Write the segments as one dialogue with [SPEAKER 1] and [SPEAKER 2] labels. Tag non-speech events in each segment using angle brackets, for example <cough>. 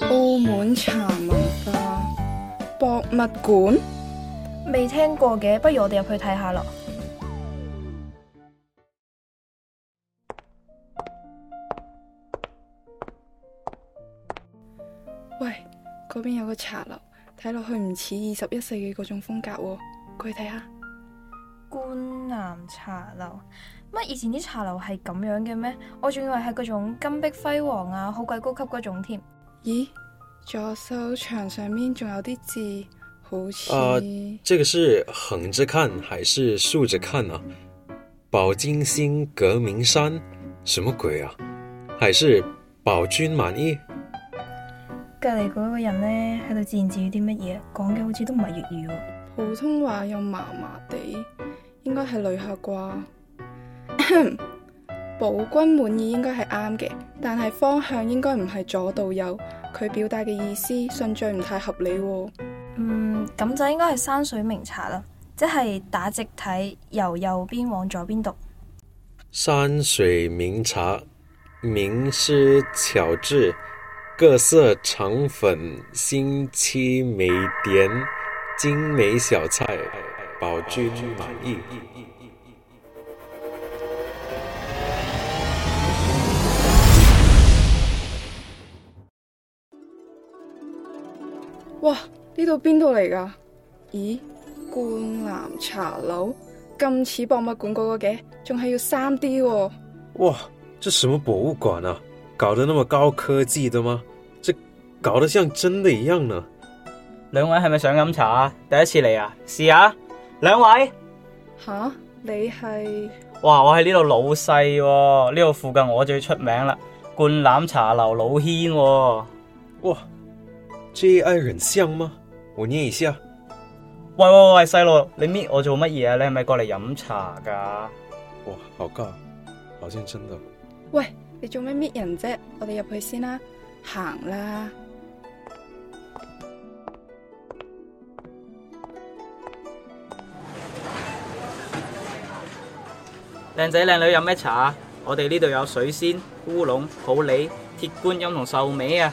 [SPEAKER 1] 澳門茶文化博物館？未聽過嘅，不如我哋入去睇下咯。喂，嗰邊有個茶樓，睇落去唔似二十一世紀嗰種風格，過去睇下。冠男茶樓乜？以前啲茶樓係咁樣嘅咩？我仲以為係嗰種金碧輝煌啊，好鬼高級嗰種添。咦？左手牆上面仲有啲字，好似……啊，uh,
[SPEAKER 2] 這個是橫着看還是豎着看啊？寶金星革命山，什麼鬼啊？還是寶君滿意？
[SPEAKER 1] 隔籬嗰個人呢，喺度自言自語啲乜嘢啊？講嘅好似都唔係粵語，普通話又麻麻地。應該係旅客啩，寶 <coughs> 君滿意應該係啱嘅，但係方向應該唔係左到右，佢表達嘅意思順序唔太合理，哦。嗯，咁就應該係山水名茶啦，即係打直睇由右邊往左邊讀。
[SPEAKER 2] 山水名茶，名師巧製，各色腸粉、星期、美點、精美小菜。好，絕對
[SPEAKER 1] 滿意。哇！呢度邊度嚟噶？咦？冠男茶樓咁似博物館嗰個嘅，仲係要三 D 喎。
[SPEAKER 2] 哇！這什麼博物館啊？搞得那麼高科技的嗎？這搞得像真的一樣呢、啊？
[SPEAKER 1] 兩
[SPEAKER 3] 位係咪想飲茶啊？第一次嚟啊？試下。兩位，
[SPEAKER 1] 吓你係？
[SPEAKER 3] 哇，我喺呢度老細喎、哦，呢度附近我最出名啦，灌籃茶樓老謙喎、哦。哇，J I 人像嗎？我念一下。喂喂喂，細路，你搣我做乜嘢啊？你係咪過嚟飲茶噶？哇，好噶，好像真的。
[SPEAKER 1] 喂，你做咩搣人啫？我哋入去先啦，行啦。
[SPEAKER 3] 靚仔靚女飲咩茶啊？我哋呢度有水仙、烏龍、普洱、鐵觀音同壽眉啊！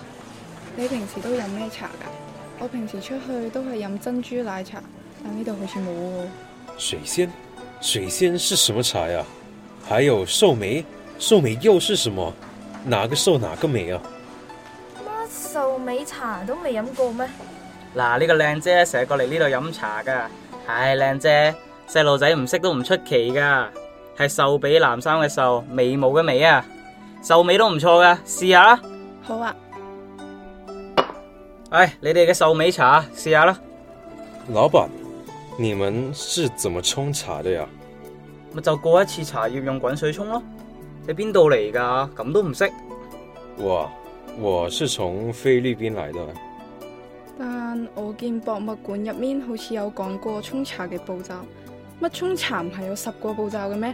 [SPEAKER 1] 你平時都飲咩茶噶？我平時出去都係飲珍珠奶茶，但呢度好似冇喎。
[SPEAKER 3] 水仙，水仙是
[SPEAKER 2] 什麼茶呀？還有壽眉，壽眉又是什麼？哪個壽，哪
[SPEAKER 3] 個眉啊？
[SPEAKER 1] 乜壽眉茶都未飲過咩？
[SPEAKER 3] 嗱，呢個靚姐成日過嚟呢度飲茶噶，唉，靚姐細路仔唔識都唔出奇噶。係壽比南山嘅壽，眉毛嘅眉啊，壽眉都唔錯噶，試下啦。好啊，唉、哎，你哋嘅壽眉茶，試下啦。
[SPEAKER 2] 老闆，你們是怎麼沖茶的呀？
[SPEAKER 3] 咪就過一次茶要用滾水沖咯。你邊度嚟噶？咁都唔識？
[SPEAKER 2] 我，我是從菲律賓嚟嘅。
[SPEAKER 1] 但我見博物館入面好似有講過沖茶嘅步驟。乜沖茶唔係有十個步驟嘅咩？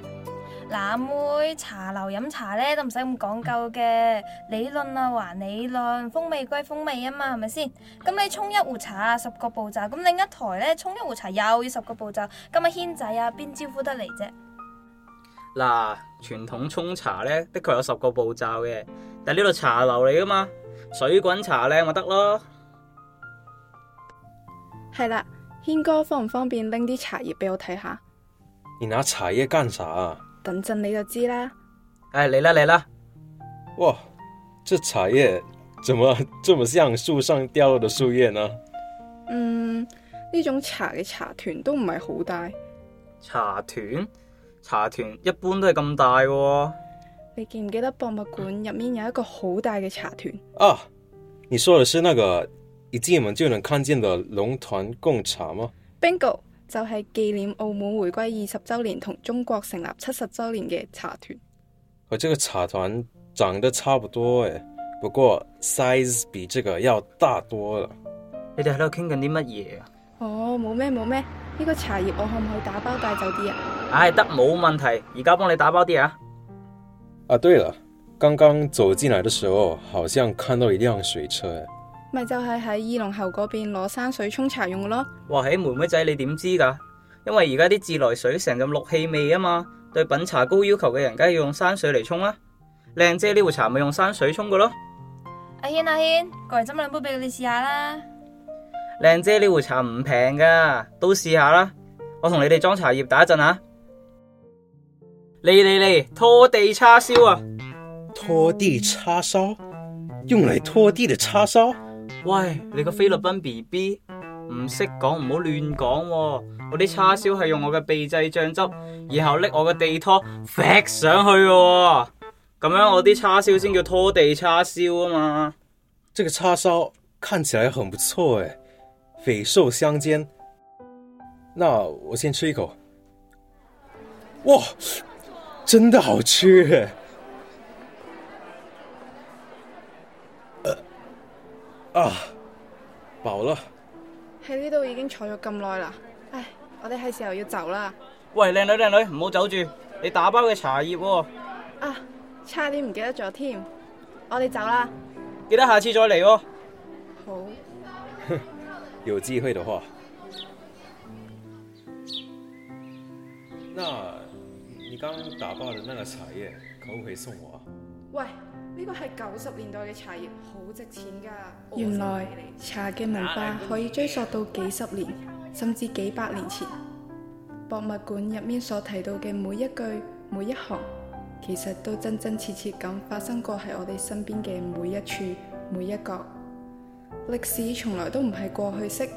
[SPEAKER 1] 嗱、啊，阿妹，茶樓飲茶咧都唔使咁講究嘅，理論啊還理論，風味歸風味啊嘛，係咪先？咁你沖一壺茶啊，十個步驟，咁另一台咧沖一壺茶又要十個步驟，咁阿軒仔啊邊招呼得嚟啫？
[SPEAKER 3] 嗱、啊，傳統沖茶咧的確有十個步驟嘅，但係呢度茶樓嚟噶嘛，水滾茶咧咪得咯，
[SPEAKER 1] 係啦。軒哥方唔方便拎啲茶葉畀我睇下？
[SPEAKER 3] 你
[SPEAKER 2] 拿茶葉幹啥啊？
[SPEAKER 1] 等陣你就知啦。
[SPEAKER 2] 唉、哎，嚟啦嚟啦！哇，這茶葉怎麼這麼像樹上掉落的樹葉呢？嗯，
[SPEAKER 1] 呢種茶嘅茶團都唔係好大。
[SPEAKER 3] 茶團？茶團一般都係咁大嘅、哦。
[SPEAKER 1] 你記唔記得博物館入面有一個好大嘅茶團、
[SPEAKER 2] 嗯？啊，你說的是那個？一進門就能看見的龍團貢茶嗎
[SPEAKER 1] ？Bingo，就係紀念澳門回歸二十周年同中國成立七十周年嘅茶團。
[SPEAKER 2] 和這個茶團長得差不多誒，
[SPEAKER 3] 不過 size 比這個要大多了。你哋喺度傾緊啲乜嘢
[SPEAKER 1] 啊？哦、oh，冇咩冇咩，呢、這個茶葉我可唔可以打包帶走啲啊？
[SPEAKER 3] 唉、哎，得冇問題，而家幫你打包啲啊。
[SPEAKER 2] 啊，對了，剛剛走進來嘅時候，好像看到一輛水
[SPEAKER 3] 車。
[SPEAKER 1] 咪就係喺二龍喉嗰邊攞山水沖茶用嘅咯。
[SPEAKER 3] 哇，喺、哎、妹妹仔你點知噶因為而家啲自來水成咁氯氣味啊嘛，對品茶高要求嘅人梗係要用山水嚟沖啦。靚姐，呢壺茶咪用山水沖嘅咯。
[SPEAKER 1] 阿軒阿軒，過嚟斟兩杯俾你試下啦。
[SPEAKER 3] 靚姐，呢壺茶唔平噶，都試下啦。我同你哋裝茶葉，打一陣啊。嚟嚟嚟，拖地叉燒啊！拖地叉燒，嗯、
[SPEAKER 2] 用嚟拖地嘅叉燒。
[SPEAKER 3] 喂，你個菲律賓 BB 唔識講，唔好亂講喎。我啲叉燒係用我嘅秘製醬汁，然後拎我嘅地拖 f 甩上去喎，咁樣我啲叉燒先叫拖地叉燒啊嘛。這
[SPEAKER 2] 個叉燒看起來很不錯誒，肥瘦相間。那我先吃一口。哇，真的好吃。
[SPEAKER 3] 啊，飽啦！
[SPEAKER 1] 喺呢度已經坐咗咁耐啦，唉，我哋係時候要走啦。
[SPEAKER 3] 喂，靚女靚女，唔好走住，你打包嘅茶葉喎。
[SPEAKER 1] 啊，差啲唔記得咗添，我哋走啦。
[SPEAKER 3] 記得下次再嚟喎。好。 <laughs>
[SPEAKER 2] 有機會的話，那你剛打包的那個茶葉可不可以送我啊？
[SPEAKER 1] 喂。呢個係九十年代嘅茶葉，好值錢噶。原來你茶嘅文化可以追溯到幾十年， <laughs> 甚至幾百年前。 <laughs> 博物館入面所提到嘅每一句每一行，其實都真真切切咁發生過喺我哋身邊嘅每一處每一角。歷史從來都唔係過去式，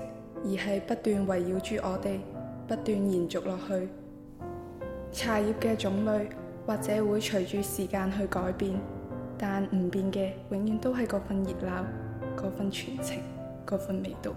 [SPEAKER 1] 而係不斷圍繞住我哋，不斷延續落去。茶葉嘅種類或者會隨住時間去改變。但唔變嘅，永遠都係嗰份熱鬧，嗰份傳情，嗰份味道。